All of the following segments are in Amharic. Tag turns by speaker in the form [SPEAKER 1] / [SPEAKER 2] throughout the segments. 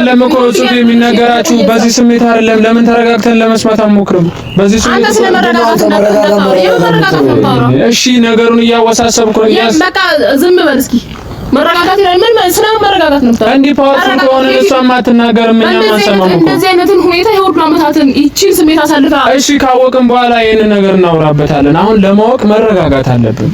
[SPEAKER 1] አይደለም እኮ እሱት የሚነገራችሁ በዚህ ስሜት አይደለም። ለምን ተረጋግተን ለመስማት አንሞክርም? በዚህ ስሜት እሺ፣ ነገሩን እያወሳሰብኩ ነው። በቃ ዝም በል እስኪ መረጋጋት ይላል። ምን ስለ መረጋጋት ነው? እንዴ ፓወርፉል ከሆነ እሷ ማትናገር ምን ያማሰማም እኮ እንደዚህ አይነትን ሁኔታ የሁሉ አመታትን ይቺን ስሜት አሳልፋ። እሺ ካወቅን በኋላ ይሄን ነገር እናውራበታለን።
[SPEAKER 2] አሁን ለማወቅ መረጋጋት አለብን።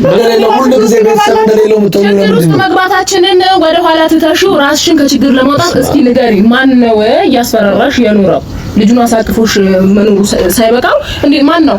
[SPEAKER 2] ሁሉ ጊዜ ቤተሰብ እንደሌለው ምትሆኑ ነው ውስጥ መግባታችንን ወደ ኋላ ትተሹ ራስሽን ከችግር ለማውጣት እስኪ ንገሪ። ማን ነው እያስፈራራሽ የኖረው? ልጁን አሳቅፎሽ መኖሩ ሳይበቃው እንዴ ማን ነው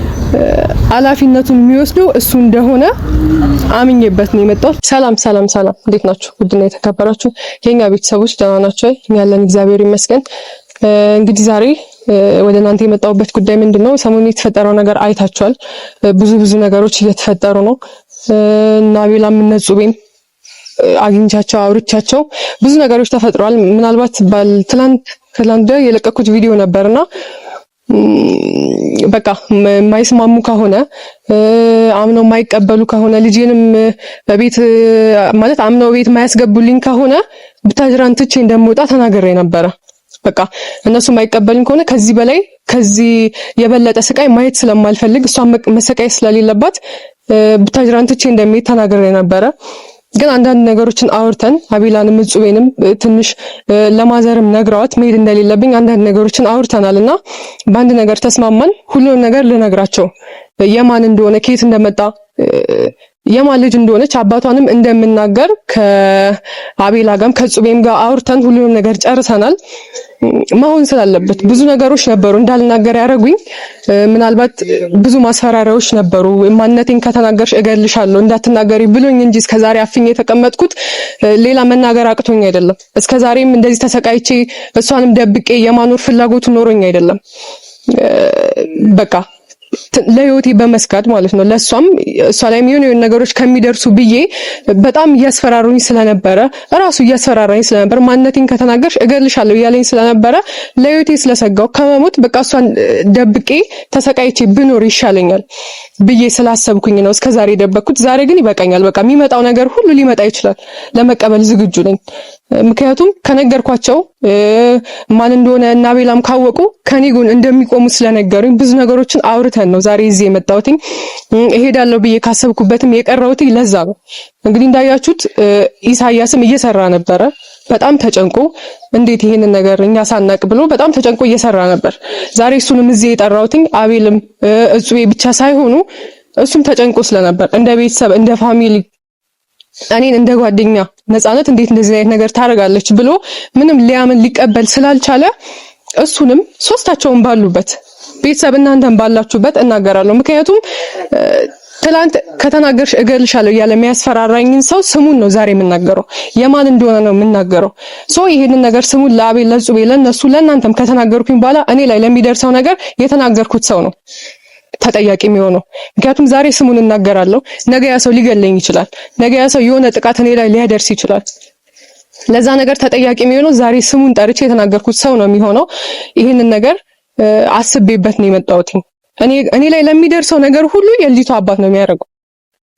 [SPEAKER 2] ኃላፊነቱን የሚወስደው እሱ እንደሆነ አምኜበት ነው የመጣሁት። ሰላም ሰላም ሰላም፣ እንዴት ናችሁ? ውድና የተከበራችሁ የኛ ቤተሰቦች ደህና ናቸው? ያለን እግዚአብሔር ይመስገን። እንግዲህ ዛሬ ወደ እናንተ የመጣሁበት ጉዳይ ምንድን ነው? ሰሞኑን የተፈጠረው ነገር አይታችኋል። ብዙ ብዙ ነገሮች እየተፈጠሩ ነው እና ቤላ ነጹቤም አግኝቻቸው አውርቻቸው ብዙ ነገሮች ተፈጥረዋል። ምናልባት ትላንት ትላንት የለቀኩት ቪዲዮ ነበርና በቃ የማይስማሙ ከሆነ አምነው የማይቀበሉ ከሆነ ልጄንም በቤት ማለት አምነው ቤት የማያስገቡልኝ ከሆነ ብታጅራን ትቼ እንደምወጣ ተናግሬ ነበረ። በቃ እነሱ የማይቀበልኝ ከሆነ ከዚህ በላይ ከዚህ የበለጠ ስቃይ ማየት ስለማልፈልግ እሷ መሰቃየት ስለሌለባት ብታጅራን ትቼ እንደሚሄድ ተናግሬ ነበረ። ግን አንዳንድ ነገሮችን አውርተን አቤላንም እጹቤንም ትንሽ ለማዘርም ነግረዋት መሄድ እንደሌለብኝ አንዳንድ ነገሮችን አውርተናል እና በአንድ ነገር ተስማማን። ሁሉን ነገር ልነግራቸው የማን እንደሆነ ከየት እንደመጣ የማን ልጅ እንደሆነች አባቷንም እንደምናገር ከአቤላ ጋርም ከጹቤም ጋር አውርተን ሁሉንም ነገር ጨርሰናል። መሆን ስላለበት ብዙ ነገሮች ነበሩ እንዳልናገር ያደረጉኝ። ምናልባት ብዙ ማስፈራሪያዎች ነበሩ። ማንነቴን ከተናገርሽ እገልሻለሁ እንዳትናገሪ ብሎኝ እንጂ እስከዛሬ አፍኝ የተቀመጥኩት ሌላ መናገር አቅቶኝ አይደለም። እስከዛሬም እንደዚህ ተሰቃይቼ እሷንም ደብቄ የማኖር ፍላጎቱ ኖሮኝ አይደለም። በቃ ለህይወቴ በመስጋት ማለት ነው። ለእሷም እሷ ላይ የሚሆን የሆን ነገሮች ከሚደርሱ ብዬ በጣም እያስፈራሩኝ ስለነበረ እራሱ እያስፈራራኝ ስለነበር ማንነቴን ከተናገርሽ እገልሻለሁ እያለኝ ስለነበረ ለህይወቴ ስለሰጋው ከመሞት በቃ እሷን ደብቄ ተሰቃይቼ ብኖር ይሻለኛል ብዬ ስላሰብኩኝ ነው እስከዛሬ የደበቅኩት። ዛሬ ግን ይበቃኛል። በቃ የሚመጣው ነገር ሁሉ ሊመጣ ይችላል። ለመቀበል ዝግጁ ነኝ። ምክንያቱም ከነገርኳቸው ማን እንደሆነ እና ቤላም ካወቁ ከኔ ጎን እንደሚቆሙ ስለነገሩኝ ብዙ ነገሮችን አውርተን ነው ዛሬ እዚህ የመጣውትኝ እሄዳለሁ ብዬ ካሰብኩበትም የቀረሁትኝ ለዛ ነው። እንግዲህ እንዳያችሁት ኢሳያስም እየሰራ ነበረ። በጣም ተጨንቆ እንዴት ይሄንን ነገር እኛ ሳናቅ ብሎ በጣም ተጨንቆ እየሰራ ነበር። ዛሬ እሱንም እዚህ የጠራሁትኝ አቤልም እጹቤ ብቻ ሳይሆኑ እሱም ተጨንቆ ስለነበር እንደ ቤተሰብ እንደ ፋሚሊ እኔን እንደ ጓደኛ ነፃነት እንዴት እንደዚህ አይነት ነገር ታደርጋለች ብሎ ምንም ሊያምን ሊቀበል ስላልቻለ እሱንም ሶስታቸውን ባሉበት ቤተሰብ እናንተን ባላችሁበት እናገራለሁ። ምክንያቱም ትላንት ከተናገርሽ እገልሻለሁ እያለ የሚያስፈራራኝን ሰው ስሙን ነው ዛሬ የምናገረው፣ የማን እንደሆነ ነው የምናገረው። ሶ ይሄንን ነገር ስሙን ለአቤ ለጹቤ፣ ለነሱ ለእናንተም ከተናገርኩኝ በኋላ እኔ ላይ ለሚደርሰው ነገር የተናገርኩት ሰው ነው። ተጠያቂ የሚሆነው። ምክንያቱም ዛሬ ስሙን እናገራለሁ፣ ነገ ያ ሰው ሊገለኝ ይችላል። ነገ ያ ሰው የሆነ ጥቃት እኔ ላይ ሊያደርስ ይችላል። ለዛ ነገር ተጠያቂ የሚሆነው ዛሬ ስሙን ጠርቼ የተናገርኩት ሰው ነው የሚሆነው። ይህንን ነገር አስቤበት ነው የመጣሁት። እኔ እኔ ላይ ለሚደርሰው ነገር ሁሉ የልጅቷ አባት ነው የሚያደርገው።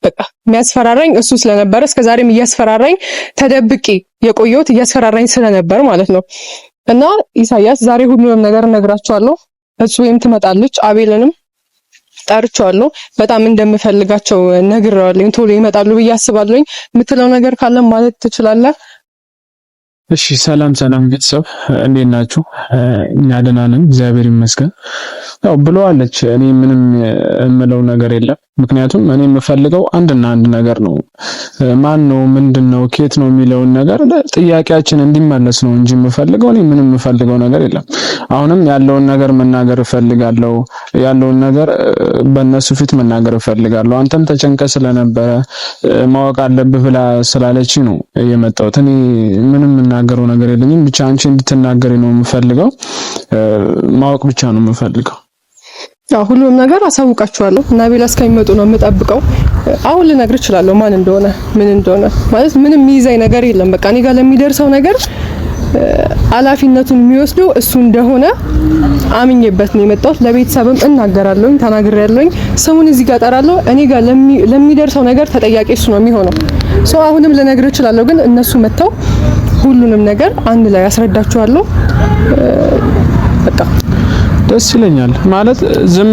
[SPEAKER 2] በቃ የሚያስፈራራኝ እሱ ስለነበረ እስከዛሬም እያስፈራራኝ ተደብቄ የቆየሁት እያስፈራራኝ ስለነበር ማለት ነው። እና ኢሳያስ ዛሬ ሁሉንም ነገር እነግራቸዋለሁ። እሱ ወይም ትመጣለች አቤልንም ጠርቸዋለሁ። በጣም
[SPEAKER 1] እንደምፈልጋቸው ነግረዋለኝ። ቶሎ ይመጣሉ ብዬ አስባለኝ። የምትለው ነገር ካለ ማለት ትችላለህ። እሺ ሰላም ሰላም ቤተሰብ እንዴት ናችሁ? እኛ ደህና ነን፣ እግዚአብሔር ይመስገን። ያው ብለዋለች። እኔ ምንም የምለው ነገር የለም። ምክንያቱም እኔ የምፈልገው አንድና አንድ ነገር ነው። ማን ነው፣ ምንድን ነው፣ ኬት ነው የሚለውን ነገር ጥያቄያችን እንዲመለስ ነው እንጂ የምፈልገው እኔ ምንም የምፈልገው ነገር የለም። አሁንም ያለውን ነገር መናገር እፈልጋለሁ። ያለውን ነገር በእነሱ ፊት መናገር እፈልጋለሁ። አንተም ተጨንቀ ስለነበረ ማወቅ አለብህ ብላ ስላለች ነው የመጣሁት እኔ ምንም የምናገረው ነገር የለኝም። ብቻ አንቺ እንድትናገሪ ነው
[SPEAKER 2] የምፈልገው። ማወቅ ብቻ ነው የምፈልገው። ሁሉንም ነገር አሳውቃችኋለሁ። ናቤላ እስከሚመጡ ነው የምጠብቀው። አሁን ልነግር እችላለሁ ማን እንደሆነ ምን እንደሆነ። ማለት ምንም የሚይዘኝ ነገር የለም። በቃ እኔ ጋር ለሚደርሰው ነገር ኃላፊነቱን የሚወስደው እሱ እንደሆነ አምኜበት ነው የመጣሁት። ለቤተሰብም እናገራለሁኝ፣ ተናግሬያለሁኝ። ስሙን እዚህ ጋር እጠራለሁ። እኔ ጋር ለሚደርሰው ነገር ተጠያቂ እሱ ነው የሚሆነው። ሶ አሁንም ልነግር እችላለሁ፣ ግን እነሱ መጥተው ሁሉንም ነገር አንድ ላይ
[SPEAKER 1] ያስረዳችኋለሁ። በቃ ደስ ይለኛል። ማለት ዝም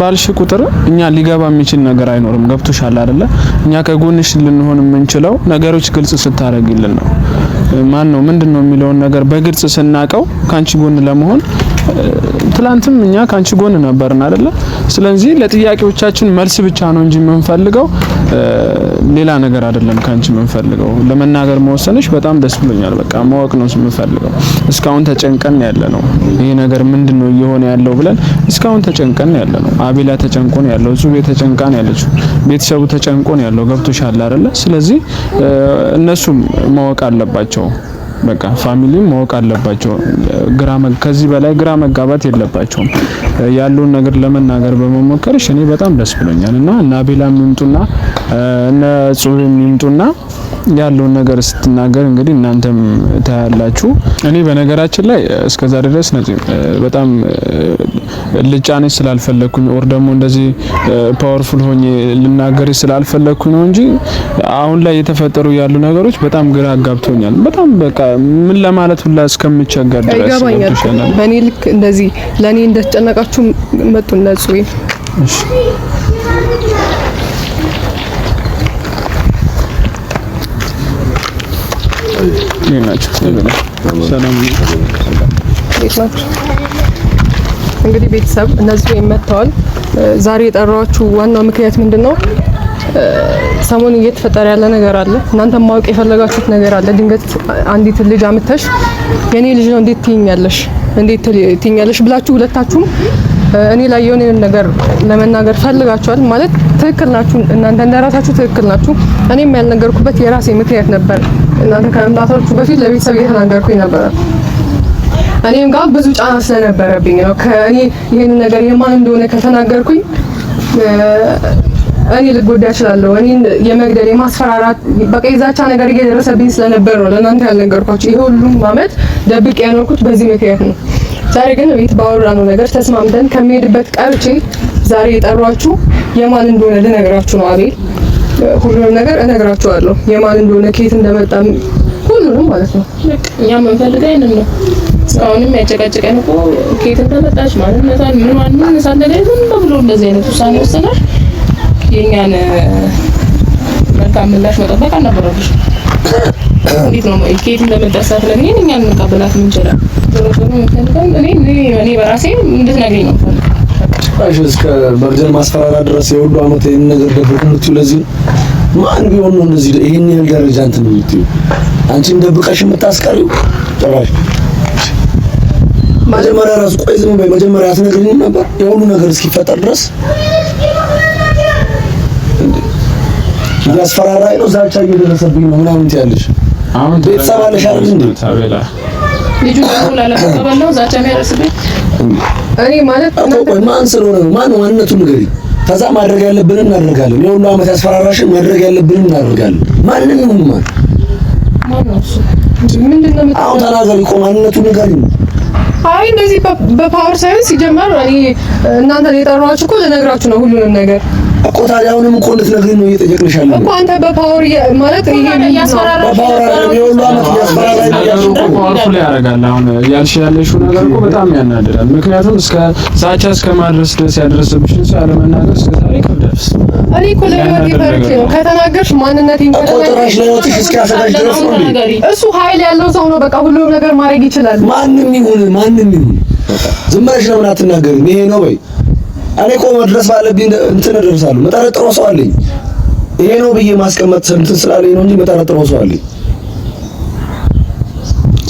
[SPEAKER 1] ባልሽ ቁጥር እኛ ሊገባ የሚችል ነገር አይኖርም። ገብቶሻል አይደለ? እኛ ከጎንሽ ልንሆን የምንችለው ነገሮች ግልጽ ስታደርግልን ነው። ማን ነው ምንድን ነው የሚለውን ነገር በግልጽ ስናቀው ከአንቺ ጎን ለመሆን ትላንትም እኛ ካንቺ ጎን ነበርን አይደለ? ስለዚህ ለጥያቄዎቻችን መልስ ብቻ ነው እንጂ የምንፈልገው ሌላ ነገር አይደለም። ካንቺ የምንፈልገው ለመናገር መወሰንሽ በጣም ደስ ብሎኛል። በቃ ማወቅ ነው የምንፈልገው። እስካሁን ተጨንቀን ያለ ነው ይሄ ነገር ምንድን ነው እየሆነ ያለው ብለን እስካሁን ተጨንቀን ያለ ነው። አቤላ ተጨንቆን ያለው፣ ጹቤ ተጨንቃን ያለችው፣ ቤተሰቡ ተጨንቆን ያለው ገብቶሻል አይደለ? ስለዚህ እነሱም ማወቅ አለባቸው። በቃ ፋሚሊም ማወቅ አለባቸው። ግራ ከዚህ በላይ ግራ መጋባት የለባቸውም። ያለውን ነገር ለመናገር በመሞከርሽ እኔ በጣም ደስ ብሎኛል እና እና ቤላም ይምጡና እነ ጽሁፍም ይምጡና ያለውን ነገር ስትናገር እንግዲህ እናንተም ታያላችሁ። እኔ በነገራችን ላይ እስከዛ ድረስ በጣም ልጫኔ ስላልፈለኩኝ ኦር ደግሞ እንደዚህ ፓወርፉል ሆኜ ልናገርሽ ስላልፈለኩኝ ነው እንጂ
[SPEAKER 2] አሁን ላይ የተፈጠሩ ያሉ ነገሮች በጣም ግራ አጋብቶኛል። በጣም በቃ ምን ለማለት ሁላ እስከምቸገር ድረስ ይገባኛል። በእኔ ልክ እንደዚህ ለእኔ እንደተጨነቃችሁ መጡ ነጹ እንግዲህ ቤተሰብ እነዚህ መጥተዋል። ዛሬ የጠራዋችሁ ዋናው ምክንያት ምንድን ነው? ሰሞኑን እየተፈጠረ ያለ ነገር አለ። እናንተ ማወቅ የፈለጋችሁት ነገር አለ። ድንገት አንዲት ልጅ አምተሽ የኔ ልጅ ነው እንዴት ትይኛለሽ፣ እንዴት ትይኛለሽ ብላችሁ ሁለታችሁም እኔ ላይ የሆነ ነገር ለመናገር ፈልጋችኋል። ማለት ትክክል ናችሁ፣ እናንተ እንደራሳችሁ ትክክል ናችሁ። እኔም ያልነገርኩበት የራሴ ምክንያት ነበር። እናንተ ከመምጣታችሁ በፊት ለቤተሰብ የተናገርኩኝ ነበረ። እኔም ጋር ብዙ ጫና ስለነበረብኝ ነው ከእኔ ይህን ነገር የማን እንደሆነ ከተናገርኩኝ እኔ ልጎዳ እችላለሁ። እኔን የመግደል የማስፈራራት በቃ የዛቻ ነገር እየደረሰብኝ ስለነበር ነው ለእናንተ ያልነገርኳቸው። ይሄ ሁሉም አመት ደብቄ ያኖርኩት በዚህ ምክንያት ነው። ዛሬ ግን ቤት ባወራነው ነገር ተስማምተን ከሚሄድበት ቀርቼ ዛሬ የጠሯችሁ የማን እንደሆነ ልነግራችሁ ነው። አቤል ሁሉንም ነገር እነግራችኋለሁ፣ የማን እንደሆነ ከየት እንደመጣ ሁሉንም ማለት ነው። እኛም የምንፈልገው ይሄንን ነው። እስካሁንም ያጨቃጨቀን እኮ ከየት እንደመጣች ማንነቷን፣ ምን ማን ምን ሳንደገኝ ሁሉ እንደዚህ አይነት ውሳኔ ወሰናል። የእኛን መልካም ምላሽ መጠበቅ
[SPEAKER 1] አልነበረብሽ። እንዴት ነው ከየት እንደመጣሽ ሳትነግሪኝ እኛን መቀበላት ምን እኔ በራሴ እንድትነግሪኝ ነው። እስከ መግደል ማስፈራራት ድረስ የሁሉ ዓመት ይህን ነገር ደበቅንቱ። ለዚህ ማን ቢሆን ነው እንደዚህ ይህን ያህል ደረጃ እንትን የምትይው? አንቺን ደብቀሽ የምታስቀሪው ጭራሽ መጀመሪያ ራሱ ቆይ ዝም በይ መጀመሪያ አትነግሪኝም ነበር የሁሉ ነገር እስኪፈጠር ድረስ እያስፈራራኝ ነው፣ ዛቻ እየደረሰብኝ ነው ምናምን ትያለሽ። አሁን ቤተሰብ አለሽ አይደል እንዴ?
[SPEAKER 2] ልጁ ላለመቀበል ዛቻ የሚያደርስብኝ እኔ ማለት ማን ስለሆነ ነው? ማን ማንነቱን ንገሪኝ። ከዛ ማድረግ ያለብንን እናደርጋለን። የሁሉ አመት ያስፈራራሽን ማድረግ ያለብንን እናደርጋለን። ማንንም ማን አሁን ተናገሪ እኮ ማንነቱን ንገሪኝ። አይ እንደዚህ በፓወር ሳይሆን ሲጀመር እኔ
[SPEAKER 1] እናንተ የጠራኋችሁ እኮ ልነግራችሁ ነው ሁሉንም ነገር እኮ ታዲያ አሁንም እኮ እንድትነግሪኝ ነው እየጠየቅንሽ ያለው እኮ አንተ በፓወር ማለት አሁን ያልሽ ያለሽው ነገር እኮ በጣም ያናድዳል። ምክንያቱም እስከ ዛቻ እስከ ማድረስ ድረስ ያደረሰብሽን ሰው አለመናገር እስከ ዛሬ ይከብዳል። እኔ እኮ
[SPEAKER 2] ከተናገርሽ ማንነቴን እሱ ኃይል ያለው ሰው ነው። በቃ ሁሉም ነገር ማድረግ
[SPEAKER 1] ይችላል። ማንም ይሁን ማንም ይሁን ዝም ብለሽ ለምን አትናገሪም? ይሄ ነው ወይ እኔ እኮ መድረስ ባለብኝ እንትን እደርሳለሁ። መጠረጥሮ ሰው አለኝ። ይሄ ነው ብዬ ማስቀመጥ እንትን ስላለኝ ነው እንጂ መጠረጥሮ ሰው አለኝ።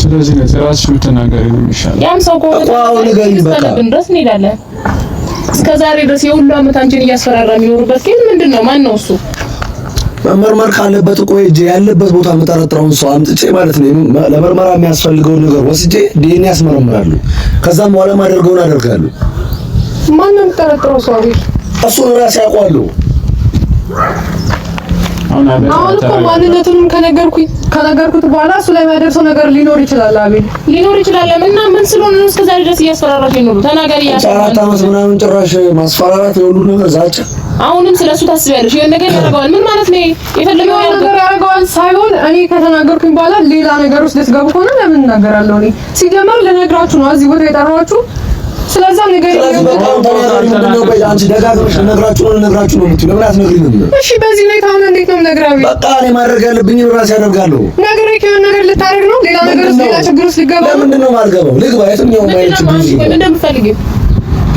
[SPEAKER 1] ስለዚህ ነው ራስሽ የምትናገሪ ነው የሚሻለው። ያም ሰው ቆቆ ንገሪኝ፣ በቃ ድረስ እንሄዳለን። እስከ ዛሬ ድረስ የሁሉ አመት አንቺን እያስፈራራ የሚኖርበት ግን ምንድን ነው? ማን ነው እሱ? መመርመር ካለበት እኮ ሂጅ ያለበት ቦታ የምጠረጥረውን ሰው አምጥቼ ማለት ነው ለመርመራ የሚያስፈልገውን
[SPEAKER 2] ነገር ወስጄ ዲኤንኤ ያስመረምራሉ። ከዛም በኋላ ማደርገውን አደርጋለሁ። ማንም ጠረጥሮ ሰው አይደል። እሱን እራሴ አውቀዋለሁ። አሁን እኮ ማንነቱንም ከነገርኩኝ ከነገርኩት በኋላ እሱ ላይ የሚያደርሰው ነገር ሊኖር ይችላል። አቤል ሊኖር ይችላል እና ምን ስለሆነ ነው እስከ ዛሬ ድረስ እያስፈራራሽ ነው? ተናገሪ። አራት ዓመት ምናምን ጭራሽ ማስፈራራት የሁሉ ነገር ዛቻ። አሁንም ስለሱ ታስቢያለሽ? ይሄን ነገር ያደርገዋል። ምን ማለት ነው? የፈለገው ነገር ያደርገዋል ሳይሆን እኔ ከተናገርኩኝ በኋላ ሌላ ነገር ውስጥ ልትገቡ ከሆነ ለምን እናገራለሁ? እኔ ሲጀመር ልነግራችሁ ነው እዚህ ቦታ የጠራኋችሁ ስለዛ ነገር በጣም አንቺ ደጋግመሽ ልነግራችሁ ነው ልነግራችሁ ነው የምትይው፣ ለምን አትነግሪኝም? እሺ፣ በዚህ ላይ እንዴት ነው የምነግርህ? በቃ እኔ ማድረግ ያለብኝ ራሴ አደርጋለሁ። ነገር ከሆነ ነገር ልታደርግ ነው ሌላ ነገር ውስጥ ሌላ ችግር ውስጥ ልገባ ለምንድን ነው የማልገባው? ልግባ የትኛው ማየት ችግር እንደምፈልግ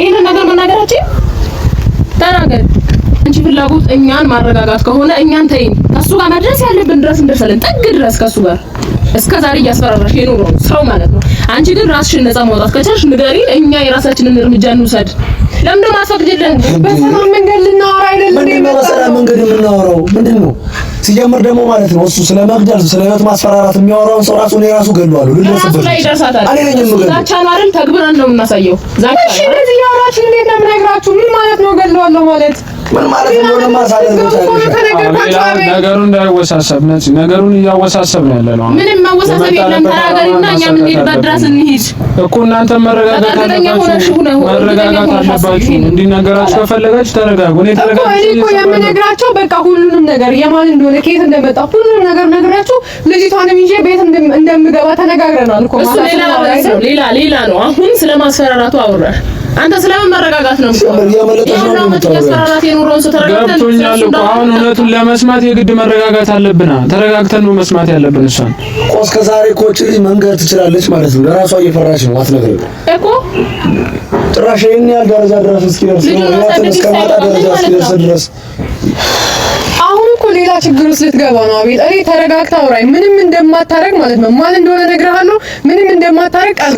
[SPEAKER 2] ይሄንን ነገር መናገራችን ተናገር እንጂ ፍላጎት እኛን ማረጋጋት ከሆነ እኛን ተይኝ እሱ ጋር መድረስ ያለብን ድረስ እንደርሳለን፣ ጥግ ድረስ ከሱ ጋር እስከ ዛሬ እያስፈራራሽ የኖረው ሰው ማለት ነው። አንቺ ግን ራስሽን ነፃ ማውጣት ከቻልሽ ንገሪን፣ እኛ የራሳችንን እርምጃ እንውሰድ። ለምን ነው
[SPEAKER 1] አስፈቅጂልን? በሰላም መንገድ ልናወራ አይደለም። ምንድን ነው በሰላም መንገድ የምናወራው? ምንድን ነው ሲጀምር ደግሞ ማለት ነው እሱ ስለ መግደል ስለ ሕይወት ማስፈራራት የሚያወራውን
[SPEAKER 2] ሰው ራሱ የራሱ ገለዋለሁ። ልደርስበት ላይ ይደርሳታል። እኔ ነኝ የምገለው። ዛቻ ነው አይደል? ተግብረን ነው የምናሳየው። ዛቻ እሺ። እንደዚህ ያወራችሁ እንዴት ነው
[SPEAKER 1] የምነግራችሁ? ምን ማለት ነው ገለዋለሁ ማለት ምን ማለት እንደሆነ ማሳደግ ነገሩ እንዳይወሳሰብ ነፂ፣ ነገሩን እያወሳሰብ ነው ያለነው። ምንም መወሳሰብ የለም። ተናገሪና እኛ የምንሄድበት ድረስ እንሂድ እኮ። እናንተ መረጋጋት አለባችሁ፣ መረጋጋት አለባችሁ። እንዲነገራችሁ ከፈለጋችሁ ተረጋጉ። እኔ እኮ የምነግራቸው
[SPEAKER 2] በቃ ሁሉንም ነገር የማን እንደሆነ ከየት እንደመጣ ሁሉንም ነገር ነግራችሁ ልጅቷንም ይዤ ቤት እንደምገባ ተነጋግረናል እኮ። ሌላ ሌላ ነው። አሁን ስለማስፈራራቱ አውራሽ አንተ ስለምን መረጋጋት ነው?
[SPEAKER 1] አሁን እውነቱን ለመስማት የግድ መረጋጋት አለብና ተረጋግተን ነው መስማት ያለብን። እሷን እኮ እስከ ዛሬ እኮ ልጅ መንገድ ትችላለች ማለት ነው። ለራሷ እየፈራች ነው አትነግርም እኮ ጭራሽ
[SPEAKER 2] ይሄን ያህል ደረጃ ድረስ እስኪደርስ ነው ደረጃ እስኪደርስ ድረስ ሌላ ችግር ውስጥ ልትገባ ነው አቤል። እኔ ተረጋግታ አውራኝ። ምንም
[SPEAKER 1] እንደማታረግ ማለት ነው። ማን እንደሆነ እነግርሃለሁ። ምንም እንደማታረግ ቃል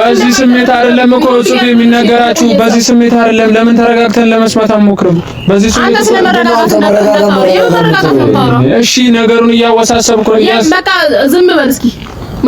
[SPEAKER 1] በዚህ ስሜት አይደለም እኮ ጽሑፍ የሚነገራችሁ። በዚህ ስሜት አይደለም። ለምን ተረጋግተን ለመስማት አንሞክርም? በዚህ ስሜት እሺ፣ ነገሩን እያወሳሰብኩ ነው። በቃ ዝም በል እስኪ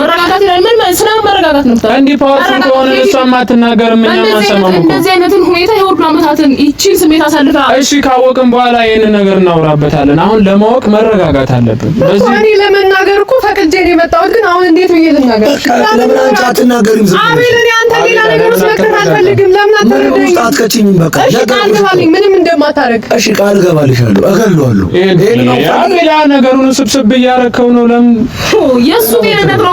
[SPEAKER 1] መረጋጋት ይላል። ምን ማለት ስለ መረጋጋት ነው? እንዴ ፓወርፉል ከሆነ እሷ ማትናገር ምን ያማሰማም እኮ እንደዚህ አይነትን ሁኔታ የሁሉ አመታትን ይቺን ስሜት አሳልፋ። እሺ ካወቅን በኋላ ይሄንን ነገር እናውራበታለን። አሁን ለማወቅ መረጋጋት አለብን። በዚህ እኔ ለመናገር እኮ ፈቅጄ ነው የመጣሁት፣ ግን አሁን እንዴት
[SPEAKER 2] ነው ልናገር? ለምን አንቺ አትናገሪም? ዝም አቤል፣ እኔ አንተ ሌላ ነገር ውስጥ መክተት አልፈልግም። ለምን አትረዳኝ?
[SPEAKER 1] አትከቺኝ። በቃ እሺ፣ ቃል ገባልኝ፣ ምንም እንደማታረግ። እሺ፣ ቃል ገባልሻለሁ፣ እገልዋለሁ። ይሄን ነው
[SPEAKER 2] ያ ነገሩን ስብስብ እያረከው ነው። ለምን የሱ ጤንነት ነው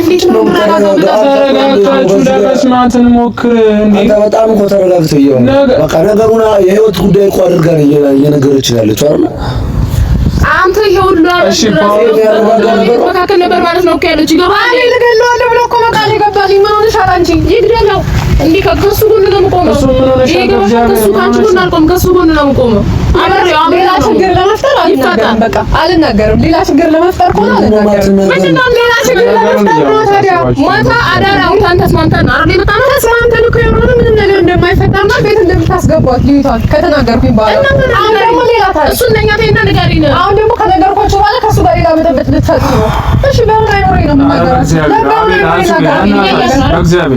[SPEAKER 1] እንዴት ነው ለመስማት
[SPEAKER 2] በጣም እኮ ተረጋግተህ እየሆነ በቃ ነገሩን የህይወት ጉዳይ እኮ አድርጋ እየነገረች ያለች አይደል? አንተ ይሄ ሁሉ ነበር ማለት ነው እኮ ያለች። ይገባል ይገባል። እንዲህ ከእሱ ጎን ነው የምቆመው ሌላ ችግር ለመፍጠር አልናገርም። በቃ አልናገርም። ሌላ ችግር ለመፍጠር ከሆነ አልናገርም። ምንድነው ሌላ ችግር ለመፍጠር ነው ታዲያ? ማታ አዳር አውታን ተስማምተን አይደል የመጣነው? ተስማምተን እኮ የሆነ ምንም ነገር እንደማይፈጠርና ቤት እንደምታስገቧት ልዩቷን ከተናገርኩኝ በኋላ
[SPEAKER 1] አሁን ደግሞ ሌላ ታዲያ እሱ እንደኛ ተይና ንገሪኝ። አሁን ደግሞ ከነገርኳቸው በኋላ ከእሱ ጋር ሌላ መጠበጥ ልትፈጥሩ ነው። እሺ በምን አይኖረኝ ነው የምናገራቸው? ለምን አይኖረኝ ነው?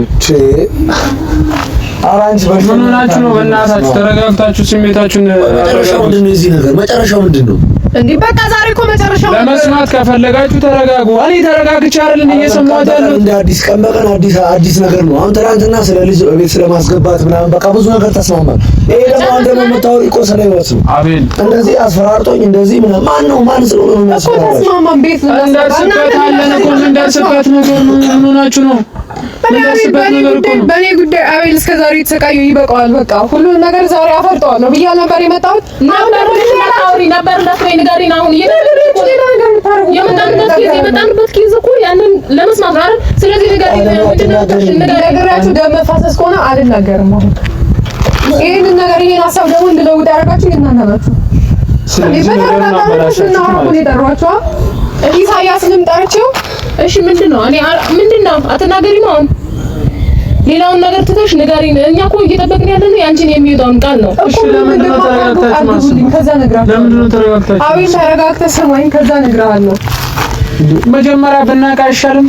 [SPEAKER 1] አራንጅ በእናታችሁ ነው። በእናታችሁ ተረጋግታችሁ ስሜታችሁን
[SPEAKER 2] መጨረሻው ምንድን ነው? እዚህ ነገር መጨረሻው ምንድን ነው? እንዲህ በቃ ዛሬ እኮ መጨረሻው ለመስማት ከፈለጋችሁ ተረጋጉ። እኔ
[SPEAKER 1] ተረጋግቼ አይደል እየሰማሁት ያለው እንደ አዲስ ቀን በቀን አዲስ አዲስ ነገር ነው። አሁን ትናንትና ስለ ልጅ ቤት ስለማስገባት ምናምን በቃ ብዙ ነገር ተስማማል። ይሄ ደግሞ አሁን ደግሞ የምታወሪው እኮ ስለ ህይወት ነው። አቤል እንደዚህ አስፈራርቶኝ እንደዚህ ምናምን ማን ነው ማን ስለሆነ ነው የሚያስፈራራው? ቤት
[SPEAKER 2] እንደ ስበት አለን እኮ እንደ ስበት ነገር ነው። ምን ሆናችሁ ነው በእኔ ጉዳይ አቤል እስከ ዛሬ የተሰቃዩ ይበቃዋል። በቃ ሁሉን ነገር ዛሬ አፈርጠዋለሁ ብያለሁ ነበር የመጣሁት። ነግሬያችሁ ደም መፋሰስ ከሆነ አልናገርም። አሁን ይህንን ነገር ይህን ሀሳብ ደግሞ እንድለውጥ ያደረጋችሁ እናንተ ናችሁ። ኢሳያስንም ጠርቼው እሺ ምንድን ነው? እኔ ምንድን ነው አትናገሪም። አሁን ሌላውን ነገር ትተሽ ንገሪን። እኛ እኮ እየጠበቅን ያለ ነው ያንቺን የሚወጣውን ቃል ነው። እሺ ለምን ነው ታያታችሁ?
[SPEAKER 1] ከዛ ነግራለሁ። ለምን ነው ተረጋግታችሁ? አቤት ተረጋግተሽ ሰማኝ። ከዛ ነግራለሁ። መጀመሪያ ብናውቅ አይሻልም?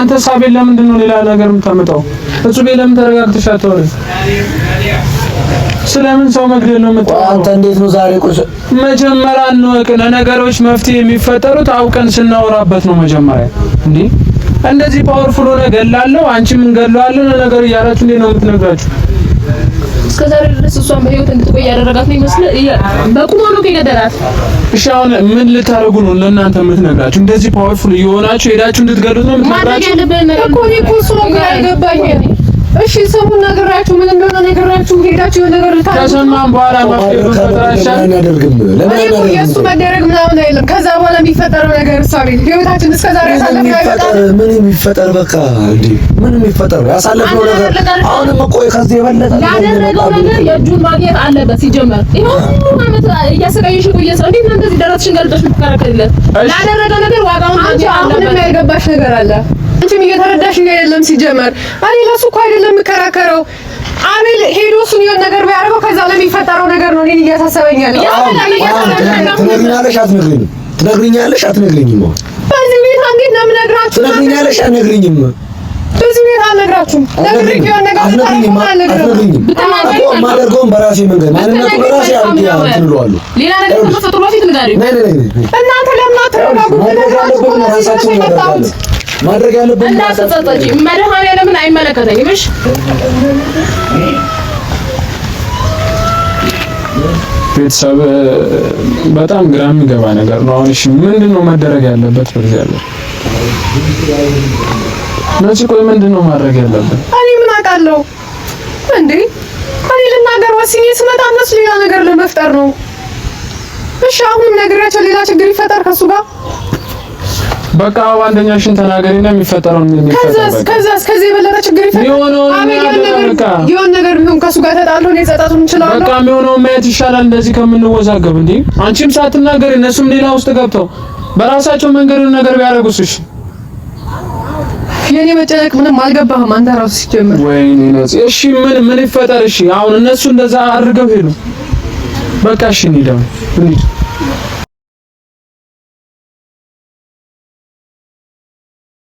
[SPEAKER 1] አንተስ አቤት ለምንድን ነው ሌላ ነገር የምታመጣው? እሱ ቤት ለምን ተረጋግተሽ አትወሪም? ስለምን ሰው መግደል ነው የምትጠራው? አንተ እንዴት ነው ዛሬ? ቁስ መጀመሪያ እንወቅ። ለነገሮች መፍትሄ የሚፈጠሩት አውቀን ስናወራበት ነው። መጀመሪያ እንዴ እንደዚህ ፓወርፉል ሆነ ገላለሁ፣ አንቺም እንገለዋለን ነገር
[SPEAKER 2] እያላችሁ እንዴት ነው የምትነግራችሁ? እስከዛሬ ድረስ እሷን በህይወት እንድትቆይ ያደረጋት ነው ይመስል
[SPEAKER 1] በቁሞ ነው ከገደላት። እሺ አሁን ምን ልታደርጉ ነው ለእናንተ የምትነግራችሁ? እንደዚህ ፓወርፉል እየሆናችሁ ሄዳችሁ እንድትገሉት
[SPEAKER 2] ነው የምትነግራችሁ? ማድረግ ያለብን ነገር እኮ እኔ እኮ እሱ ነው ግራ የገባኝ እሺ ሰሙን ነገራችሁ፣ ምን እንደሆነ ነገራችሁ፣ ሄዳችሁ ነገር ከሰማን በኋላ
[SPEAKER 1] የእሱ መደረግ ምናምን አይደለም። ከዛ በኋላ የሚፈጠረው ነገር ህይወታችን እስከ ዛሬ ምን የሚፈጠር በቃ ምን የሚፈጠር ያሳለፍነው ነገር አሁንም እኮ ከዚህ የበለጠ ላደረገው ነገር የእጁን ማግኘት አለበት። ሲጀመር ሁሉም ዓመት እያሰቃየሽ ቆየሽ።
[SPEAKER 2] እንዴት ነው እንደዚህ ደረትሽን ገልጠሽ የምትከራከሪለት? ላደረገው ነገር ዋጋውን አንቺ አሁንም ያልገባሽ ነገር አለ አንቺም እየተረዳሽኝ አይደለም። ሲጀመር እኔ ለሱ እኮ አይደለም የምከራከረው። አቤል ሄዶ እሱን የሆነ ነገር ቢያደርገው ከዛ
[SPEAKER 1] ለሚፈጠረው ነገር ነው እኔን እያሳሰበኝ ትነግሪኛለሽ አትነግሪኝም?
[SPEAKER 2] ትነግሪኛለሽ አትነግሪኝም? በዚህ ቤት አንዴት ነው የምነግራችሁ። ትነግሪኛለሽ አትነግሪኝም? በዚህ ቤት አልነግራችሁም። ነግሬክ የሆነ ነገር አትነግሪኝም። የማደርገውን በራሴ መንገድ ማንነቱ በራሴ አድርጌ እንትን እለዋለሁ። ሌላ ነገር ተፈጥሮ በፊት ንገሪኝ። እናንተ ለምን አትረጋጉም? ራሳችን ያደርጋሉ ማድረግ ያለብን እንዳትጸጸጪ። መድኃኒዓለምን አይመለከተኝም። እሺ
[SPEAKER 1] ቤተሰብ በጣም ግራ የሚገባ ነገር ነው። አሁን እሺ ምንድን መደረግ ያለበት? በዚህ ያለ ነፂ፣ ቆይ ምንድን ማድረግ
[SPEAKER 2] ያለብን? እኔ ምን አውቃለሁ እንዴ? እኔ ልናገር ወስኜ ስመጣ እነሱ ሌላ ነገር ለመፍጠር ነው። እሺ አሁንም ነግሬያቸው ሌላ ችግር ይፈጠር ከሱ ጋር
[SPEAKER 1] በቃ አንደኛሽን ተናገሪና የሚፈጠረውን ከዛስ ከዛስ ከዚህ የበለጠ ችግር ነገር ቢሆን ከሱ ጋር ተጣልቶ ነው የጸጣቱን እንችላለን። በቃ የሚሆነውን ማየት ይሻላል እንደዚህ ከምንወዛገብ። እንዴ አንቺም ሳትናገሪ እነሱም ሌላ ውስጥ ገብተው በራሳቸው መንገድ ነገር ቢያደርጉስሽ
[SPEAKER 2] የኔ መጨነቅ ምንም አልገባህም። አንተ ራሱ
[SPEAKER 1] ሲጀምር ወይኔ ነፂ፣ እሺ ምን ምን ይፈጠር? እሺ አሁን እነሱ እንደዛ አድርገው ሄዱ። በቃ እሺ እንሂድ አሁን እንሂድ